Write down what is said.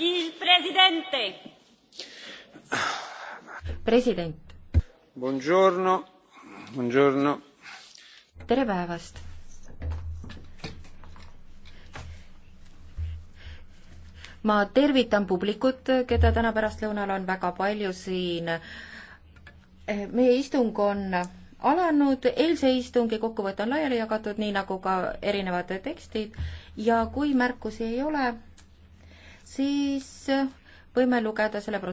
Il presidente. president. Buongiorno, buongiorno. tere päevast. ma tervitan publikut, keda täna pärastlõunal on väga palju siin. meie istung on alanud, eilse istungi kokkuvõte on laiali jagatud, nii nagu ka erinevad tekstid ja kui märkusi ei ole, siis võime lugeda selle